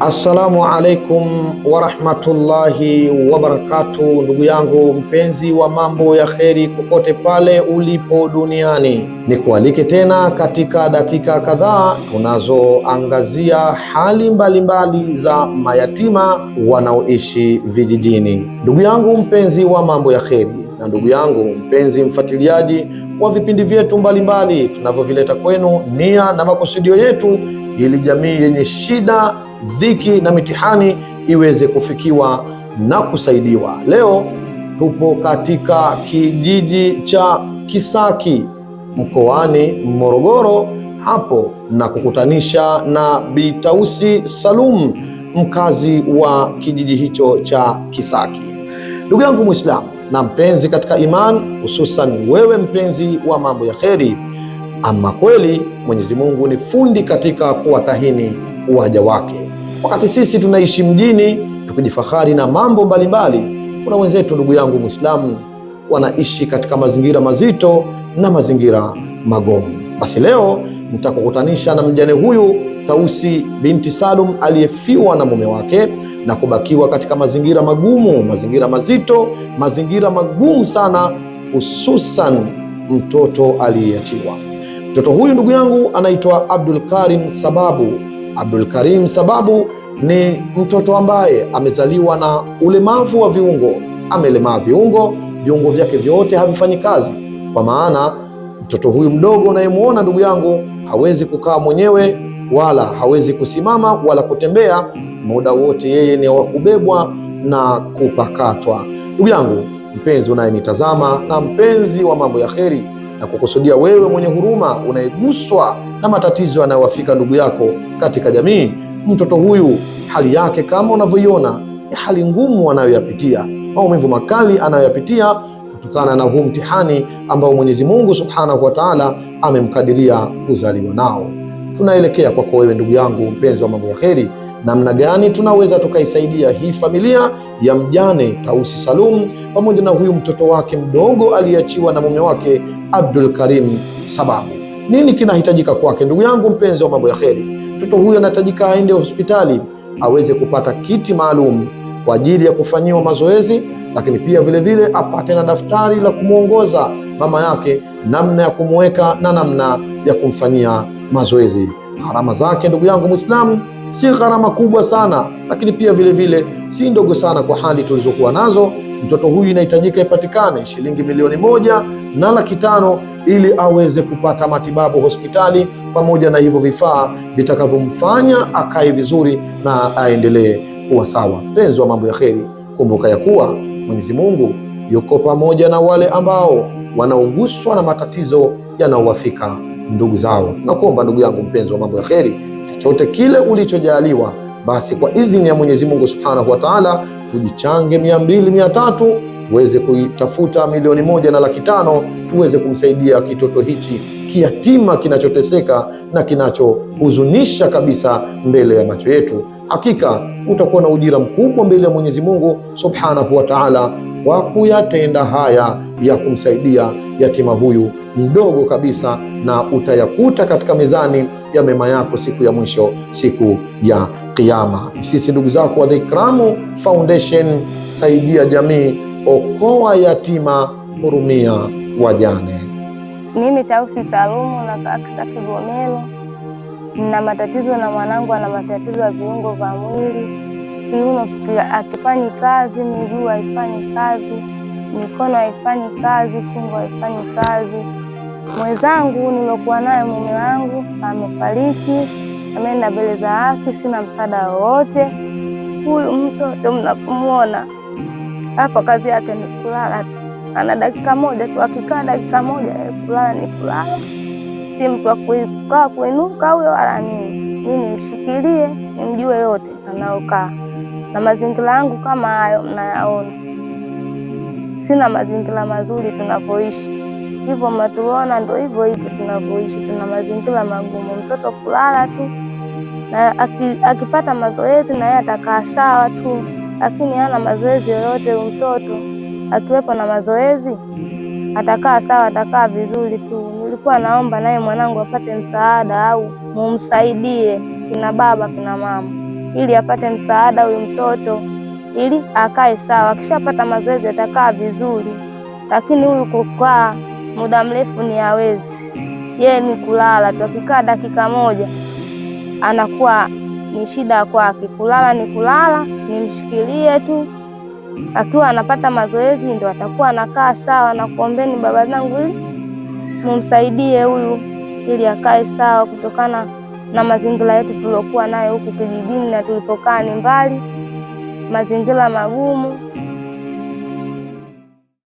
Assalamu alaikum warahmatullahi wabarakatu, ndugu yangu mpenzi wa mambo ya kheri kokote pale ulipo duniani, ni kualike tena katika dakika kadhaa tunazoangazia hali mbalimbali mbali za mayatima wanaoishi vijijini. Ndugu yangu mpenzi wa mambo ya kheri na ndugu yangu mpenzi mfuatiliaji wa vipindi vyetu mbalimbali tunavyovileta kwenu, nia na makusudio yetu, ili jamii yenye shida dhiki na mitihani iweze kufikiwa na kusaidiwa. Leo tupo katika kijiji cha Kisaki mkoani Morogoro hapo na kukutanisha na bitausi Salum, mkazi wa kijiji hicho cha Kisaki. Ndugu yangu Mwislamu na mpenzi katika iman, hususan wewe mpenzi wa mambo ya kheri, ama kweli Mwenyezi Mungu ni fundi katika kuwatahini waja wake. Wakati sisi tunaishi mjini tukijifahari na mambo mbalimbali, kuna wenzetu, ndugu yangu Mwislamu, wanaishi katika mazingira mazito na mazingira magumu. Basi leo nitakukutanisha na mjane huyu Tausi binti Salum aliyefiwa na mume wake na kubakiwa katika mazingira magumu, mazingira mazito, mazingira magumu sana, hususan mtoto aliyeachiwa. Mtoto huyu ndugu yangu anaitwa Abdul Karim Sababu Abdul Karim Sababu ni mtoto ambaye amezaliwa na ulemavu wa viungo, amelemaa viungo, viungo vyake vyote havifanyi kazi. Kwa maana mtoto huyu mdogo unayemwona ndugu yangu hawezi kukaa mwenyewe, wala hawezi kusimama wala kutembea. Muda wote yeye ni wa kubebwa na kupakatwa. Ndugu yangu mpenzi unayenitazama na mpenzi wa mambo ya kheri na kukusudia wewe mwenye huruma unayeguswa na matatizo yanayowafika ndugu yako katika jamii. Mtoto huyu hali yake kama unavyoiona ni hali ngumu anayoyapitia, maumivu makali anayoyapitia kutokana na huu mtihani ambao Mwenyezi Mungu Subhanahu wa Ta'ala amemkadiria kuzaliwa nao. Tunaelekea kwako wewe ndugu yangu mpenzi wa mambo ya kheri, namna gani tunaweza tukaisaidia hii familia ya mjane Tausi Salum pamoja na huyu mtoto wake mdogo aliyeachiwa na mume wake Abdul Karim Sababu. Nini kinahitajika kwake? Ndugu yangu mpenzi wa mambo ya kheri, mtoto huyu anahitajika aende hospitali aweze kupata kiti maalum kwa ajili ya kufanyiwa mazoezi, lakini pia vilevile vile, apate na daftari la kumwongoza mama yake namna ya kumweka na namna ya kumfanyia mazoezi. Gharama zake ndugu yangu Mwislamu si gharama kubwa sana, lakini pia vilevile vile, si ndogo sana kwa hali tulizokuwa nazo mtoto huyu inahitajika ipatikane shilingi milioni moja na laki tano ili aweze kupata matibabu hospitali pamoja na hivyo vifaa vitakavyomfanya akae vizuri na aendelee kuwa sawa. Mpenzi wa Mambo ya Kheri, kumbuka ya kuwa Mwenyezi Mungu yuko pamoja na wale ambao wanaoguswa na matatizo yanaowafika ndugu zao. Nakuomba ndugu yangu mpenzi wa Mambo ya Kheri, chochote kile ulichojaaliwa basi kwa idhini ya Mwenyezi Mungu Subhanahu wa Ta'ala, tujichange mia mbili mia tatu tuweze kuitafuta milioni moja na laki tano tuweze kumsaidia kitoto hichi kiyatima kinachoteseka na kinachohuzunisha kabisa mbele ya macho yetu. Hakika utakuwa na ujira mkubwa mbele ya Mwenyezi Mungu Subhanahu wa Ta'ala kwa kuyatenda haya ya kumsaidia yatima huyu mdogo kabisa, na utayakuta katika mizani ya mema yako siku ya mwisho, siku ya Kiama. Sisi ndugu zako wa The Foundation, saidia jamii, okoa yatima, hurumia wajane. Mimi Tausi Talumu na Kaaksa Kigomelo, na matatizo na mwanangu ana matatizo ya viungo vya mwili, kiuno akifanyi kazi, miguu haifanyi kazi, mikono haifanyi kazi, shingo haifanyi kazi. Mwenzangu nilokuwa naye mume wangu amefariki ameenda mbele za haki, sina msaada wowote. Huyu mtoto mnapomwona hapa, kazi yake ni kulala tu, ana dakika moja tu, akikaa dakika moja kulala eh, ni kulala, si mtu akukaa kuinuka huyo wala nini. Mi nimshikilie nimjue yote anaokaa na mazingira yangu kama hayo mnayaona, sina mazingira mazuri tunavyoishi hivyo matuona, ndo hivyo hivyo tunavyoishi, tuna mazingira magumu. Mtoto kulala tu na akipata mazoezi na yeye atakaa sawa tu, lakini hana mazoezi yoyote. Mtoto akiwepo na mazoezi atakaa sawa, atakaa vizuri tu. Nilikuwa naomba naye mwanangu apate msaada au mumsaidie kina baba, kina mama, ili apate msaada huyu mtoto, ili akae sawa. Akishapata mazoezi atakaa vizuri, lakini huyu kukaa muda mrefu ni hawezi, yeye ni kulala tu. Akikaa dakika moja anakuwa ni shida kwake. Kulala ni kulala, nimshikilie tu. Akiwa anapata mazoezi ndo atakuwa anakaa sawa. Na kuombeni baba zangu, ili mumsaidie huyu ili akae sawa, kutokana na mazingira yetu tuliokuwa nayo huku kijijini na tulipokaa ni mbali, mazingira magumu.